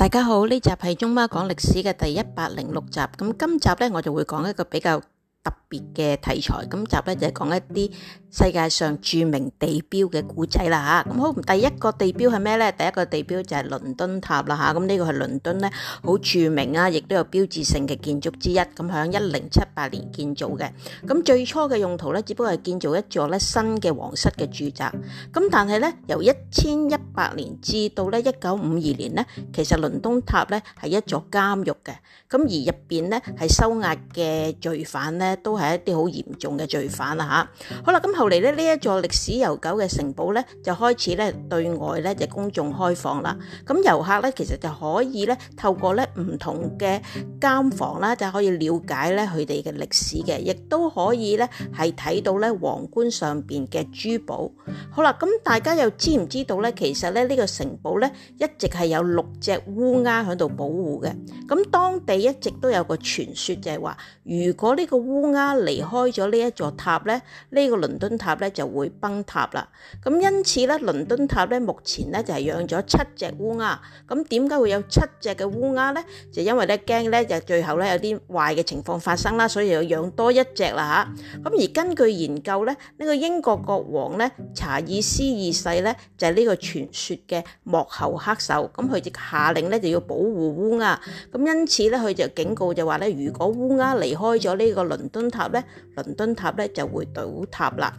大家好，呢集係中媽講歷史嘅第一百零六集，咁今集咧我就會講一個比較特別嘅題材，今集咧就係講一啲世界上著名地標嘅古仔啦吓。咁好，第一個地標係咩呢？第一個地標就係倫敦塔啦吓。咁、這、呢個係倫敦咧好著名啊，亦都有標誌性嘅建築之一。咁響一零七八年建造嘅，咁最初嘅用途咧只不過係建造一座咧新嘅皇室嘅住宅。咁但係咧由一千一百年至到咧一九五二年呢，其實倫敦塔咧係一座監獄嘅。咁而入邊咧係收押嘅罪犯咧都。係一啲好嚴重嘅罪犯啦嚇！好啦，咁後嚟咧，呢一座歷史悠久嘅城堡咧，就開始咧對外咧就公眾開放啦。咁遊客咧其實就可以咧透過咧唔同嘅監房啦，就可以了解咧佢哋嘅歷史嘅，亦都可以咧係睇到咧皇冠上邊嘅珠寶。好啦，咁大家又知唔知道咧？其實咧呢個城堡咧一直係有六隻烏鴉喺度保護嘅。咁當地一直都有個傳説就係話，如果呢個烏鴉，離開咗呢一座塔咧，呢個倫敦塔咧就會崩塌啦。咁因此咧，倫敦塔咧目前咧就係養咗七隻烏鴉。咁點解會有七隻嘅烏鴉咧？就因為咧驚咧就最後咧有啲壞嘅情況發生啦，所以就要養多一隻啦吓。咁而根據研究咧，呢個英國國王咧查爾斯二世咧就係呢個傳說嘅幕後黑手。咁佢就下令咧就要保護烏鴉。咁因此咧，佢就警告就話咧，如果烏鴉離開咗呢個倫敦塔，塔咧，倫敦塔咧就會倒塌啦。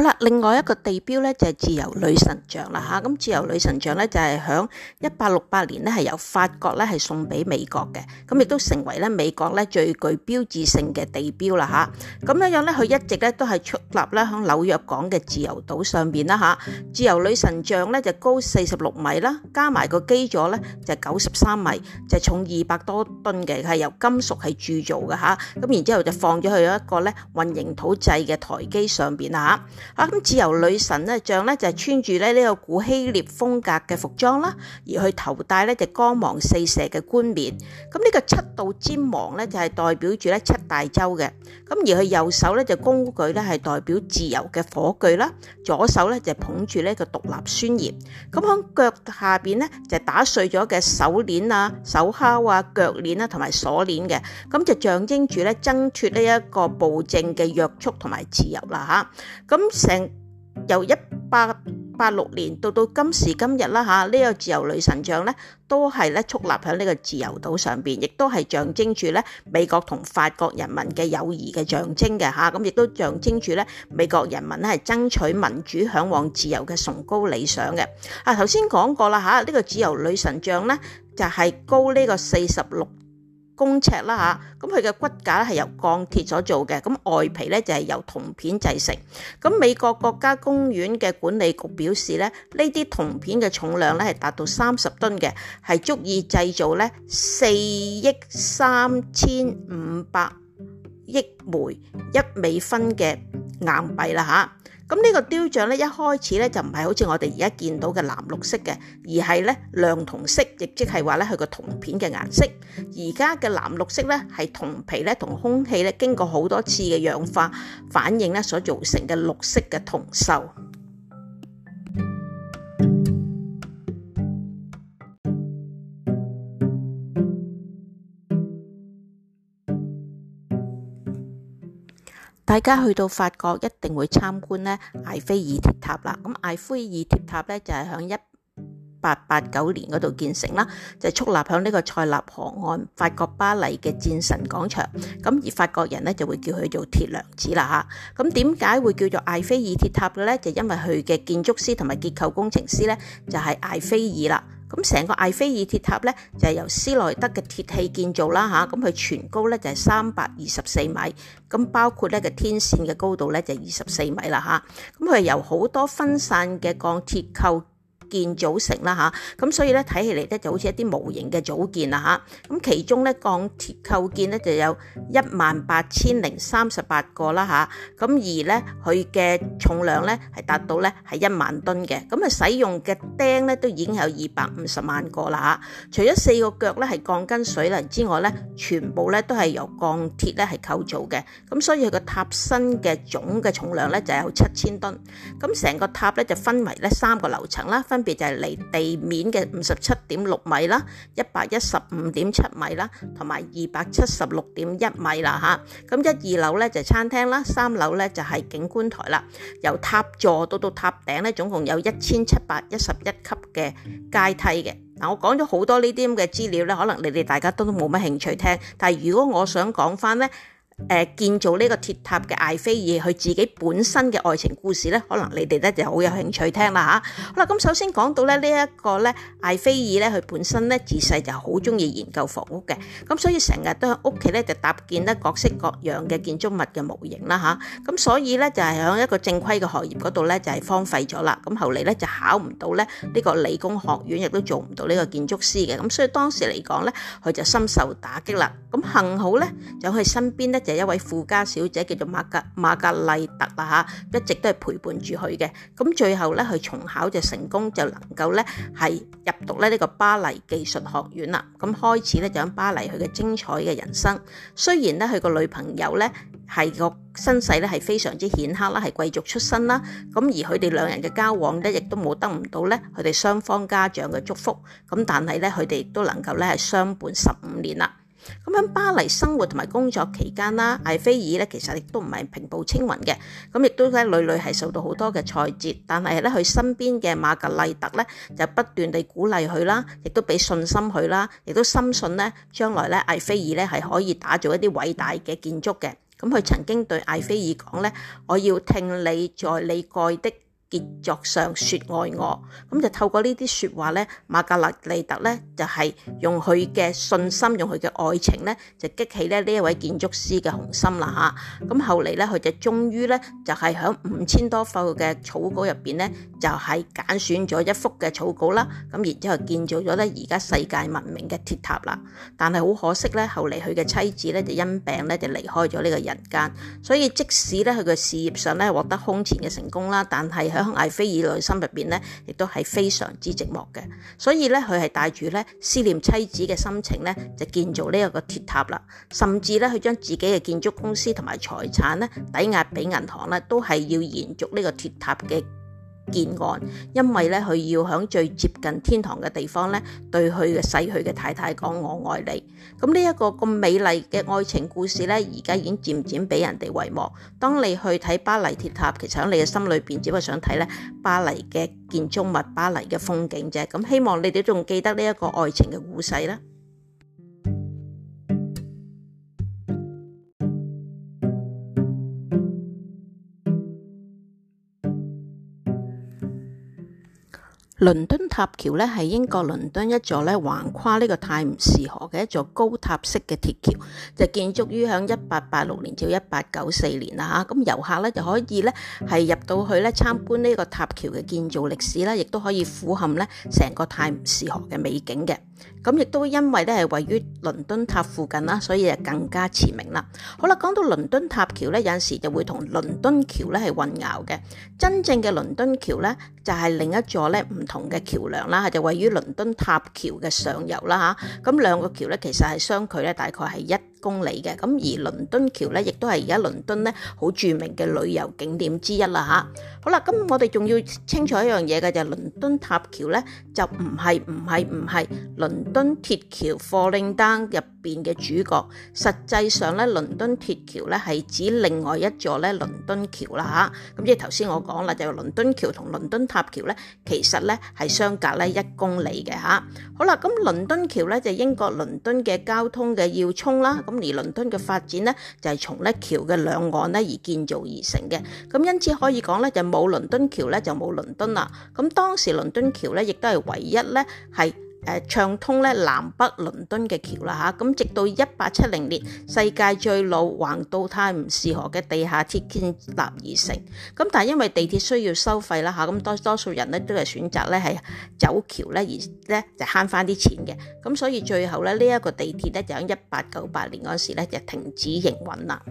好啦，另外一個地標咧就係自由女神像啦嚇。咁自由女神像咧就係喺一八六八年咧係由法國咧係送俾美國嘅，咁亦都成為咧美國咧最具標誌性嘅地標啦嚇。咁樣樣咧，佢一直咧都係矗立咧喺紐約港嘅自由島上邊啦嚇。自由女神像咧就高四十六米啦，加埋個基座咧就九十三米，就重二百多噸嘅，係由金屬係鑄造嘅嚇。咁然之後就放咗去一個咧混凝土製嘅台基上邊啦嚇。啊咁自由女神咧，像咧就係穿住咧呢個古希臘風格嘅服裝啦，而佢頭戴咧就光芒四射嘅冠冕。咁、這、呢個七道尖芒咧就係代表住咧七大洲嘅。咁而佢右手咧就工具咧係代表自由嘅火炬啦，左手咧就捧住呢個獨立宣言。咁喺腳下邊咧就打碎咗嘅手鏈啊、手銬、啊、腳鏈啦同埋鎖鏈嘅，咁就象徵住咧掙脫呢一個暴政嘅約束同埋自由啦嚇。咁成由一八八六年到到今時今日啦，吓呢個自由女神像咧，都係咧矗立喺呢個自由島上邊，亦都係象徵住咧美國同法國人民嘅友誼嘅象徵嘅吓。咁亦都象徵住咧美國人民咧係爭取民主、嚮往自由嘅崇高理想嘅。啊，頭先講過啦吓，呢個自由女神像咧就係高呢個四十六。公尺啦吓，咁佢嘅骨架咧係由鋼鐵所做嘅，咁外皮咧就係由銅片製成。咁美國國家公園嘅管理局表示咧，呢啲銅片嘅重量咧係達到三十噸嘅，係足以製造咧四億三千五百億枚一美分嘅硬幣啦吓。咁呢個雕像呢，一開始呢就唔係好似我哋而家見到嘅藍綠色嘅，而係呢亮銅色，亦即係話呢佢個銅片嘅顏色。而家嘅藍綠色呢，係銅皮呢同空氣呢經過好多次嘅氧化反應呢所造成嘅綠色嘅銅銹。大家去到法國一定會參觀咧埃菲爾鐵塔啦。咁埃菲爾鐵塔咧就係響一八八九年嗰度建成啦，就矗立響呢個塞納河岸法國巴黎嘅戰神廣場。咁而法國人咧就會叫佢做鐵娘子啦。咁點解會叫做埃菲爾鐵塔呢咧？就是，因為佢嘅建築師同埋結構工程師咧就係埃菲爾啦。咁成個埃菲爾鐵塔咧就係由施耐德嘅鐵器建造啦吓，咁佢全高咧就係三百二十四米，咁包括咧個天線嘅高度咧就係二十四米啦吓，咁佢係由好多分散嘅鋼鐵構建組成啦嚇，咁所以咧睇起嚟咧就好似一啲模型嘅組件啦嚇，咁其中咧鋼鐵構件咧就有一萬八千零三十八個啦嚇，咁而咧佢嘅重量咧係達到咧係一萬噸嘅，咁啊使用嘅釘咧都已經有二百五十萬個啦嚇，除咗四個腳咧係鋼筋水泥之外咧，全部咧都係由鋼鐵咧係構造嘅，咁所以佢個塔身嘅總嘅重量咧就有七千噸，咁成個塔咧就分為咧三個樓層啦分。分別就係離地面嘅五十七點六米啦，一百一十五點七米啦，同埋二百七十六點一米啦吓。咁一二樓咧就係餐廳啦，三樓咧就係景觀台啦。由塔座到到塔頂咧，總共有一千七百一十一級嘅階梯嘅。嗱，我講咗好多呢啲咁嘅資料咧，可能你哋大家都都冇乜興趣聽。但係如果我想講翻咧。誒、呃、建造呢個鐵塔嘅艾菲爾，佢自己本身嘅愛情故事呢，可能你哋咧就好有興趣聽啦吓，好、啊、啦，咁、啊啊、首先講到咧呢一個呢，艾菲爾呢，佢本身呢，自細就好中意研究房屋嘅，咁、啊、所以成日都喺屋企呢，就搭建咧各式各樣嘅建築物嘅模型啦吓，咁、啊啊、所以呢，就係喺一個正規嘅學業嗰度呢，就係荒廢咗啦。咁後嚟呢，就考唔到呢，呢個理工學院，亦都做唔到呢個建築師嘅。咁、啊、所以當時嚟講呢，佢就深受打擊啦。咁、啊、幸好呢，就佢身邊咧係一位富家小姐叫做瑪格瑪格麗特啦吓，一直都係陪伴住佢嘅。咁最後咧，佢重考就成功就能夠咧係入讀咧呢個巴黎技術學院啦。咁開始咧就喺巴黎佢嘅精彩嘅人生。雖然咧佢個女朋友咧係個身世咧係非常之顯赫啦，係貴族出身啦。咁而佢哋兩人嘅交往咧亦都冇得唔到咧佢哋雙方家長嘅祝福。咁但係咧佢哋都能夠咧係相伴十五年啦。咁喺巴黎生活同埋工作期間啦，艾菲爾咧其實亦都唔係平步青雲嘅，咁亦都咧屢屢係受到好多嘅挫折，但係咧佢身邊嘅馬格麗特咧就不斷地鼓勵佢啦，亦都俾信心佢啦，亦都深信咧將來咧艾菲爾咧係可以打造一啲偉大嘅建築嘅。咁佢曾經對艾菲爾講咧：我要聽你在你蓋的，傑作上説愛我，咁就透過呢啲説話咧，馬格麗特咧就係用佢嘅信心，用佢嘅愛情咧，就激起咧呢一位建築師嘅雄心啦嚇。咁後嚟咧，佢就終於咧就係喺五千多份嘅草稿入邊咧，就係、是、揀選咗一幅嘅草稿啦。咁然之後建造咗咧而家世界聞名嘅鐵塔啦。但係好可惜咧，後嚟佢嘅妻子咧就因病咧就離開咗呢個人間。所以即使咧佢嘅事業上咧獲得空前嘅成功啦，但係喺艾菲爾內心入邊咧，亦都係非常之寂寞嘅，所以咧，佢係帶住咧思念妻子嘅心情咧，就建造呢一個鐵塔啦，甚至咧，佢將自己嘅建築公司同埋財產咧，抵押俾銀行咧，都係要延續呢個鐵塔嘅建案，因為咧佢要喺最接近天堂嘅地方咧，對佢嘅逝去嘅太太講，我愛你。咁呢一個咁美麗嘅愛情故事咧，而家已經漸漸俾人哋遺忘。當你去睇巴黎鐵塔，其實喺你嘅心裏邊，只不過想睇咧巴黎嘅建築物、巴黎嘅風景啫。咁希望你哋仲記得呢一個愛情嘅故事啦。倫敦塔橋咧係英國倫敦一座咧橫跨呢個泰晤士河嘅一座高塔式嘅鐵橋，就建築於響一八八六年至一八九四年啦，吓。咁遊客咧就可以咧係入到去咧參觀呢個塔橋嘅建造歷史啦，亦都可以俯瞰咧成個泰晤士河嘅美景嘅。咁亦都因為咧係位於倫敦塔附近啦，所以就更加馳名啦。好啦，講到倫敦塔橋咧，有陣時就會同倫敦橋咧係混淆嘅。真正嘅倫敦橋咧就係另一座咧唔。同嘅橋梁啦，就位於倫敦塔橋嘅上游啦吓，咁兩個橋咧其實係相距咧大概係一公里嘅咁，而倫敦橋咧，亦都係而家倫敦咧好著名嘅旅遊景點之一啦吓，好啦，咁我哋仲要清楚一樣嘢嘅就係倫敦塔橋咧，就唔係唔係唔係倫敦鐵橋 （Falling Down） 入邊嘅主角。實際上咧，倫敦鐵橋咧係指另外一座咧倫敦橋啦吓，咁即係頭先我講啦，就係倫敦橋同倫敦塔橋咧，其實咧係相隔咧一公里嘅吓，好啦，咁倫敦橋咧就英國倫敦嘅交通嘅要衝啦。咁而倫敦嘅發展咧，就係從咧橋嘅兩岸咧而建造而成嘅。咁因此可以講咧，就冇倫敦橋咧，就冇倫敦啦。咁當時倫敦橋咧，亦都係唯一咧係。誒，暢通咧南北倫敦嘅橋啦吓，咁直到一八七零年，世界最老橫渡泰晤士河嘅地下鐵建立而成。咁但係因為地鐵需要收費啦吓，咁多多數人咧都係選擇咧係走橋咧而咧就慳翻啲錢嘅。咁所以最後咧呢一個地鐵咧就喺一八九八年嗰時咧就停止營運啦。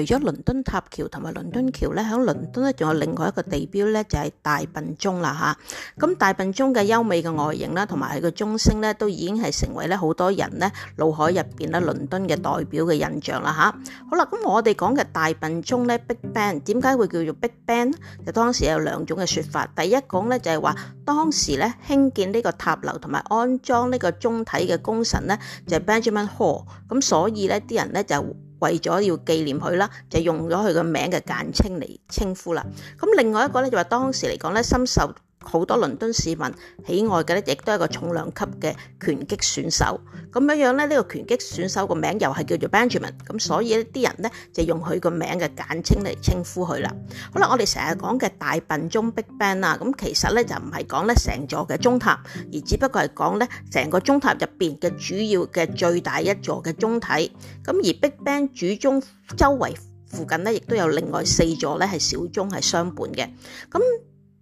除咗倫敦塔橋同埋倫敦橋咧，喺倫敦咧仲有另外一個地標咧，就係、是、大笨鐘啦嚇。咁大笨鐘嘅優美嘅外形啦，同埋佢嘅鐘聲咧，都已經係成為咧好多人咧腦海入邊咧倫敦嘅代表嘅印象啦嚇。好啦，咁我哋講嘅大笨鐘咧，Big Ben，點解會叫做 Big Ben？就當時有兩種嘅説法。第一講咧就係話當時咧興建呢個塔樓同埋安裝呢個鐘體嘅工程咧，就係、是、Benjamin Hall。咁所以咧啲人咧就。為咗要紀念佢啦，就用咗佢個名嘅簡稱嚟稱呼喇。咁另外一個咧就係當時嚟講咧，深受。好多倫敦市民喜愛嘅咧，亦都係個重量級嘅拳擊選手。咁樣樣咧，呢個拳擊選手個名又係叫做 Benjamin。咁所以咧，呢啲人咧就用佢個名嘅簡稱嚟稱呼佢啦。好啦，我哋成日講嘅大笨鐘 Big Ben 啊，咁其實咧就唔係講咧成座嘅鐘塔，而只不過係講咧成個鐘塔入邊嘅主要嘅最大一座嘅鐘體。咁而 Big Ben 主鐘周圍附近咧，亦都有另外四座咧係小鐘係相伴嘅。咁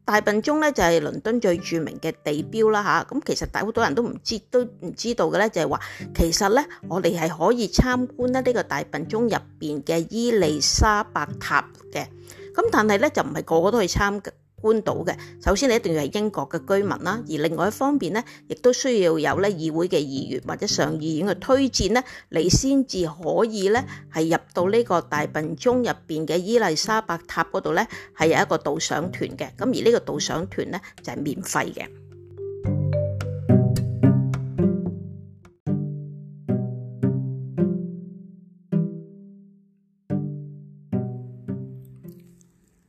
大笨鐘咧就係倫敦最著名嘅地標啦，吓，咁其實大好多人都唔知都唔知道嘅咧，的就係話其實咧我哋係可以參觀咧呢個大笨鐘入邊嘅伊利沙伯塔嘅，咁但係咧就唔係個個都去參官島嘅，首先你一定要係英國嘅居民啦，而另外一方面咧，亦都需要有咧議會嘅議員或者上議院嘅推薦咧，你先至可以咧係入到呢個大笨鐘入面嘅伊利莎白塔嗰度咧，係有一個導賞團嘅，咁而呢個導賞團咧就係免費嘅。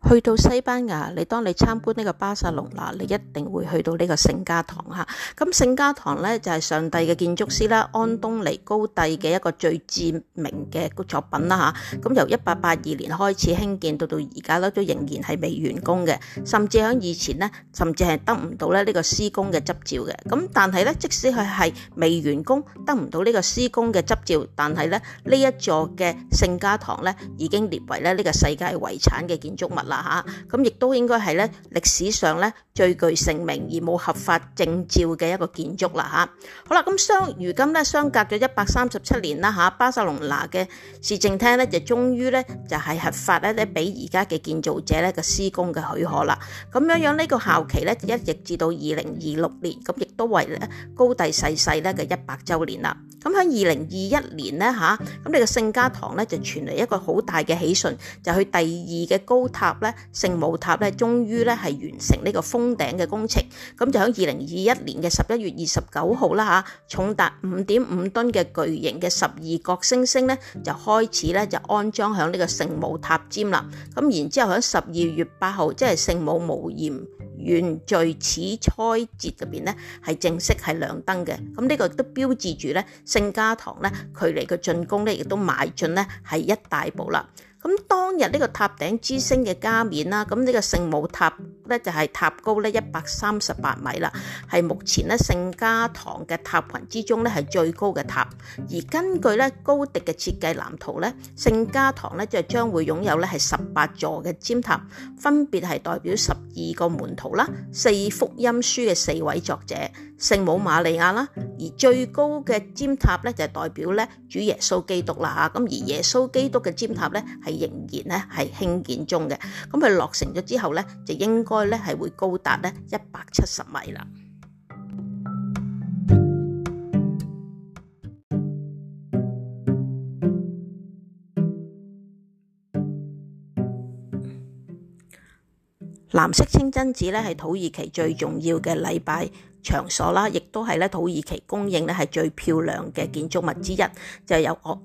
去到西班牙，你當你參觀呢個巴塞隆拿，你一定會去到呢個聖家堂吓。咁聖家堂呢，就係上帝嘅建築師啦，安東尼高第嘅一個最著名嘅作品啦吓。咁由一八八二年開始興建，到到而家咧都仍然係未完工嘅，甚至喺以前呢，甚至係得唔到咧呢個施工嘅執照嘅。咁但係呢，即使佢係未完工，得唔到呢個施工嘅執照，但係呢，呢一座嘅聖家堂呢，已經列為咧呢個世界遺產嘅建築物啦。吓咁，亦都應該係咧歷史上咧最具盛名而冇合法證照嘅一個建築啦。吓好啦，咁相如今咧相隔咗一百三十七年啦。吓巴塞隆拿嘅市政廳咧就終於咧就係合法咧咧俾而家嘅建造者咧個施工嘅許可啦。咁樣樣呢個效期咧一直至到二零二六年，咁亦都為高第逝世咧嘅一百周年啦。咁喺二零二一年咧吓，咁呢個聖家堂咧就傳嚟一個好大嘅喜訊，就去第二嘅高塔咧聖母塔咧，終於咧係完成呢個封頂嘅工程。咁就喺二零二一年嘅十一月二十九號啦吓，重達五點五噸嘅巨型嘅十二角星星咧，就開始咧就安裝喺呢個聖母塔尖啦。咁然之後喺十二月八號，即係聖母無染原罪始差節入面咧，係正式係亮燈嘅。咁呢個都標誌住咧。聖家堂咧，距離嘅進攻咧，亦都邁進咧，係一大步啦。咁當日呢個塔頂之星嘅加冕啦，咁呢個聖母塔咧就係塔高咧一百三十八米啦，係目前咧聖家堂嘅塔群之中咧係最高嘅塔。而根據咧高迪嘅設計藍圖咧，聖家堂咧就將會擁有咧係十八座嘅尖塔，分別係代表十二個門徒啦、四福音書嘅四位作者、聖母瑪利亞啦，而最高嘅尖塔咧就代表咧主耶穌基督啦嚇。咁而耶穌基督嘅尖塔咧係仍然咧係興建中嘅。咁佢落成咗之後咧，就應該咧係會高達咧一百七十米啦。藍色清真寺咧係土耳其最重要嘅禮拜。場所啦，亦都係咧土耳其供應咧係最漂亮嘅建築物之一，就係、是、有我。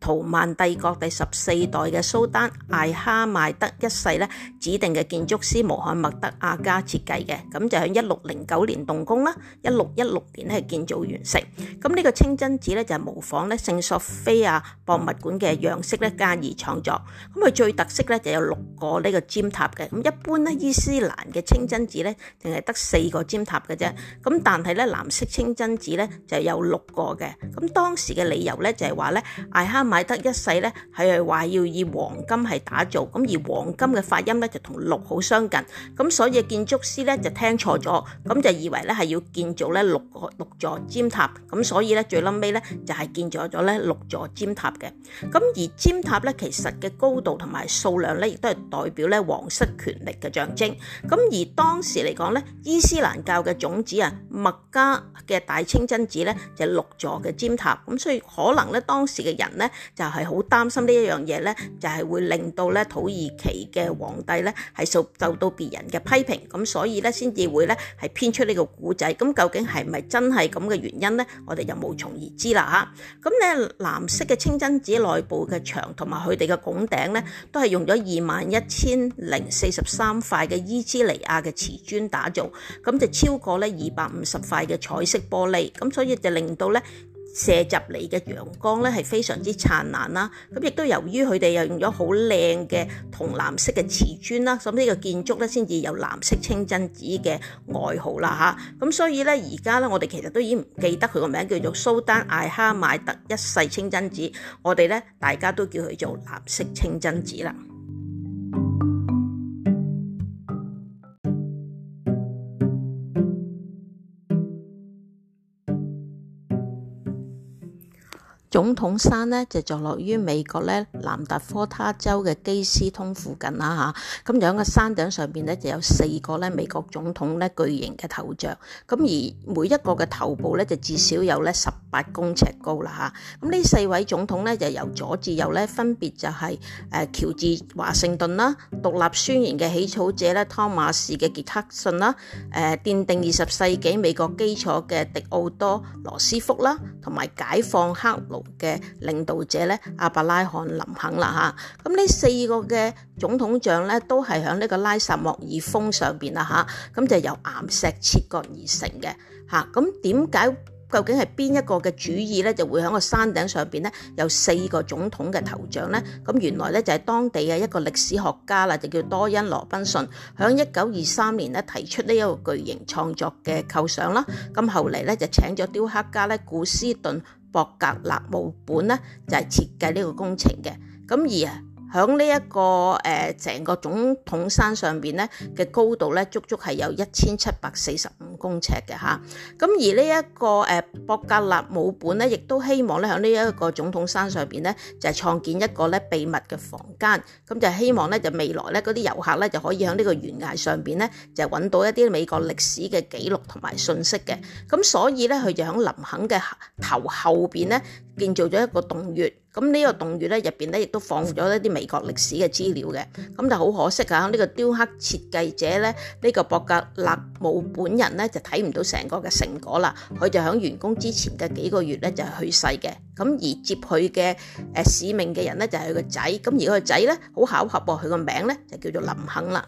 圖曼帝國第十四代嘅蘇丹艾哈邁德一世咧指定嘅建築師穆罕默德阿加設計嘅，咁就喺一六零九年動工啦，一六一六年咧建造完成。咁、這、呢個清真寺咧就係模仿咧聖索，索菲亞博物館嘅樣式加以創作。咁佢最特色咧就有六個呢個尖塔嘅。咁一般咧伊斯蘭嘅清真寺咧淨係得四個尖塔嘅啫。咁但係咧藍色清真寺咧就有六個嘅。咁當時嘅理由咧就係話咧艾哈。買得一世咧，係話要以黃金係打造，咁而黃金嘅發音咧就同六好相近，咁所以建築師咧就聽錯咗，咁就以為咧係要建造咧六個六座尖塔，咁所以咧最落尾咧就係建造咗咧六座尖塔嘅，咁而尖塔咧其實嘅高度同埋數量咧亦都係代表咧皇室權力嘅象徵，咁而當時嚟講咧伊斯蘭教嘅種子啊，麥加嘅大清真寺咧就係六座嘅尖塔，咁所以可能咧當時嘅人咧。就係好擔心呢一樣嘢咧，就係、是、會令到咧土耳其嘅皇帝咧係受受到別人嘅批評，咁所以咧先至會咧係編出呢個故仔。咁究竟係咪真係咁嘅原因咧？我哋就無從而知啦嚇。咁咧藍色嘅清真寺內部嘅牆同埋佢哋嘅拱頂咧，都係用咗二萬一千零四十三塊嘅伊茲尼亞嘅瓷磚打造，咁就超過咧二百五十塊嘅彩色玻璃，咁所以就令到咧。射入嚟嘅陽光咧係非常之燦爛啦，咁亦都由於佢哋又用咗好靚嘅銅藍色嘅瓷磚啦，咁呢個建築咧先至有藍色清真寺嘅外號啦吓，咁所以咧而家咧我哋其實都已經唔記得佢個名叫做蘇丹艾哈邁特一世清真寺，我哋咧大家都叫佢做藍色清真寺啦。總統山咧就坐落於美國咧南達科他州嘅基斯通附近啦嚇，咁樣嘅山頂上邊咧就有四個咧美國總統咧巨型嘅頭像，咁而每一個嘅頭部咧就至少有咧十八公尺高啦嚇，咁呢四位總統咧就由左至右咧分別就係誒喬治華盛頓啦，獨立宣言嘅起草者咧湯馬士嘅傑克遜啦，誒奠定二十世紀美國基礎嘅迪奧多羅斯福啦，同埋解放黑奴嘅領導者咧，阿伯拉罕林肯啦嚇，咁、啊、呢四個嘅總統像咧，都係喺呢個拉薩莫爾峰上邊啦嚇，咁、啊、就由岩石切割而成嘅嚇。咁點解究竟係邊一個嘅主意咧，就會喺個山頂上邊咧，有四個總統嘅頭像咧？咁原來咧就係、是、當地嘅一個歷史學家啦，就叫多恩羅賓遜，喺一九二三年咧提出呢一個巨型創作嘅構想啦。咁、啊、後嚟咧就請咗雕刻家咧古斯頓。博格勒姆本呢，就係設計呢個工程嘅，咁而喺呢一個誒成個總統山上面咧嘅高度咧，足足係有一千七百四十五公尺嘅嚇。咁而呢一個誒博格納姆本咧，亦都希望咧喺呢一個總統山上面咧，就係創建一個咧秘密嘅房間。咁就希望咧就未來咧嗰啲遊客咧就可以喺呢個懸崖上面咧，就揾到一啲美國歷史嘅記錄同埋信息嘅。咁所以咧，佢就喺林肯嘅頭後面咧。建造咗一個洞穴，咁呢個洞穴咧，入邊咧亦都放咗一啲美國歷史嘅資料嘅，咁就好可惜啊！呢個雕刻設計者咧，呢個博格勒姆本人咧就睇唔到成個嘅成果啦，佢就喺完工之前嘅幾個月咧就去世嘅，咁而接佢嘅誒使命嘅人咧就係佢個仔，咁而佢個仔咧好巧合，佢個名咧就叫做林肯啦。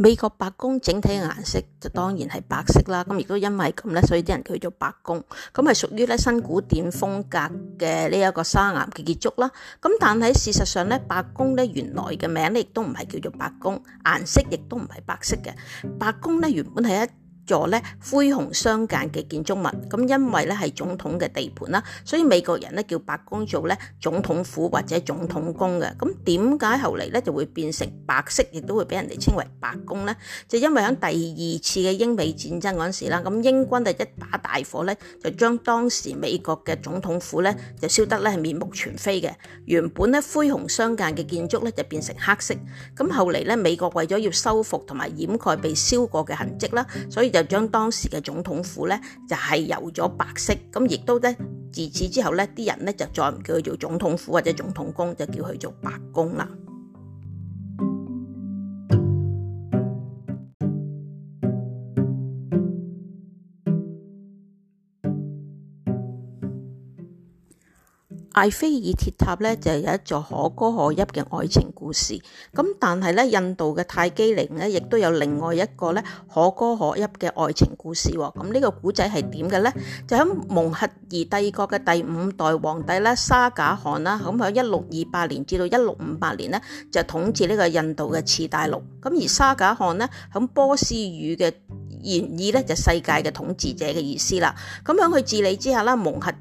美國白宮整體嘅顏色就當然係白色啦，咁亦都因為咁咧，所以啲人叫做白宮。咁係屬於咧新古典風格嘅呢一個砂岩嘅建築啦。咁但係事實上咧，白宮咧原來嘅名咧亦都唔係叫做白宮，顏色亦都唔係白色嘅。白宮咧原本係一座咧灰紅相間嘅建築物，咁因為咧係總統嘅地盤啦，所以美國人咧叫白宮做咧總統府或者總統宮嘅。咁點解後嚟咧就會變成白色，亦都會俾人哋稱為白宮呢？就因為喺第二次嘅英美戰爭嗰陣時啦，咁英軍就一把大火咧，就將當時美國嘅總統府咧就燒得咧係面目全非嘅。原本咧灰紅相間嘅建築咧就變成黑色。咁後嚟咧美國為咗要修復同埋掩蓋被燒過嘅痕跡啦，所以就，就將當時嘅總統府呢，就係油咗白色，咁亦都咧自此之後呢，啲人咧就再唔叫佢做總統府或者總統宮，就叫佢做白宮啦。艾菲爾鐵塔咧就有一座可歌可泣嘅愛情故事，咁但係咧印度嘅泰姬陵咧亦都有另外一個咧可歌可泣嘅愛情故事。咁、這個、呢個古仔係點嘅咧？就喺蒙克爾帝國嘅第五代皇帝咧沙賈汗啦，咁喺一六二八年至到一六五八年呢，就統治呢個印度嘅次大陸。咁而沙賈汗呢，喺波斯語嘅原意咧就世界嘅統治者嘅意思啦，咁喺佢治理之下啦，蒙克爾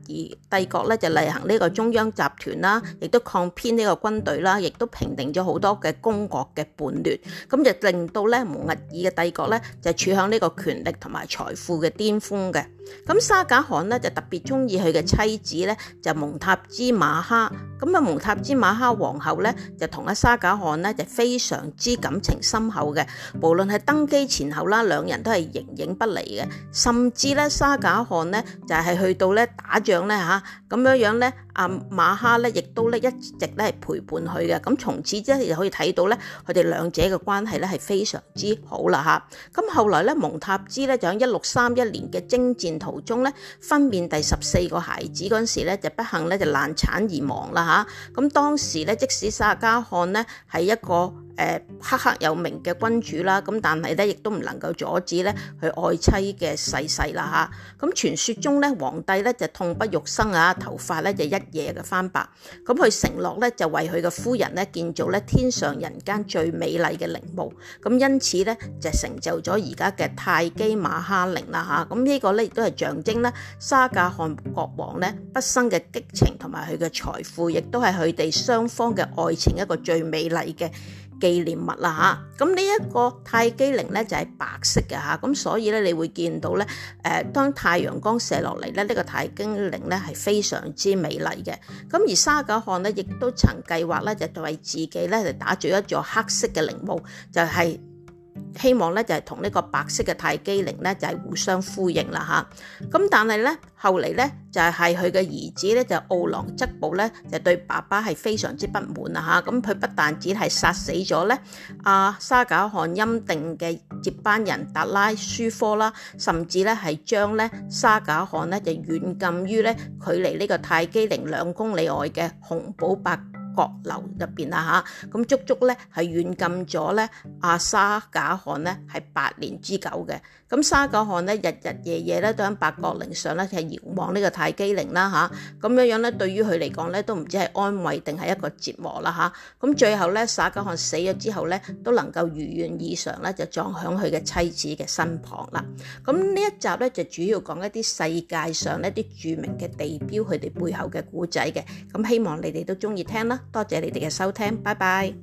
帝國咧就例行呢個中央集團啦，亦都擴編呢個軍隊啦，亦都平定咗好多嘅公國嘅叛亂，咁就令到咧蒙克爾嘅帝國咧就處響呢個權力同埋財富嘅巔峯嘅。咁沙賈汗呢，就特別鍾意佢嘅妻子咧就是蒙塔茲馬哈，咁啊蒙塔茲馬哈皇后咧就同阿沙賈汗呢，就非常之感情深厚嘅，無論係登基前後啦，兩人都係。形影不離嘅，甚至咧沙賈汗咧就係去到咧打仗咧吓。咁樣樣咧，阿馬哈咧，亦都咧一直咧係陪伴佢嘅。咁從此即係可以睇到咧，佢哋兩者嘅關係咧係非常之好啦吓，咁後來咧，蒙塔茲咧喺一六三一年嘅征戰途中咧，分娩第十四個孩子嗰陣時咧，就不幸咧就難產而亡啦吓，咁當時咧，即使沙加漢呢係一個誒赫赫有名嘅君主啦，咁但係咧亦都唔能夠阻止咧佢愛妻嘅逝世啦吓，咁傳說中咧，皇帝咧就痛不欲生啊！頭髮咧就一夜嘅翻白，咁佢承諾咧就為佢嘅夫人咧建造咧天上人間最美麗嘅陵墓，咁因此咧就成就咗而家嘅泰姬瑪哈陵啦吓，咁呢個咧亦都係象徵啦沙賈汗國王咧畢生嘅激情同埋佢嘅財富，亦都係佢哋雙方嘅愛情一個最美麗嘅。紀念物啦嚇，咁呢一個泰姬陵咧就係白色嘅嚇，咁所以咧你會見到咧，誒當太陽光射落嚟咧，呢、這個泰姬陵咧係非常之美麗嘅，咁而沙賈汗咧亦都曾計劃咧就為自己咧就打造一座黑色嘅陵墓，就係、是。希望咧就係同呢個白色嘅泰姬陵咧就係互相呼應啦吓，咁但係咧後嚟咧就係佢嘅兒子咧就奧朗則布咧就對爸爸係非常之不滿啦吓，咁佢不但只係殺死咗咧阿沙賈汗欽定嘅接班人達拉舒科啦，甚至咧係將咧沙賈汗咧就軟禁於咧距離呢個泰姬陵兩公里外嘅紅堡白。閣樓入邊啦嚇，咁足足咧係軟禁咗咧阿沙賈汗咧係八年之久嘅。咁沙賈汗咧日日夜夜咧都喺八角亭上咧係遙望呢個泰姬陵啦嚇，咁樣樣咧對於佢嚟講咧都唔知係安慰定係一個折磨啦嚇。咁最後咧沙賈汗死咗之後咧都能夠如願以償咧就葬響佢嘅妻子嘅身旁啦。咁呢一集咧就主要講一啲世界上一啲著名嘅地標佢哋背後嘅故仔嘅。咁希望你哋都中意聽啦。多謝你哋嘅收聽，拜拜。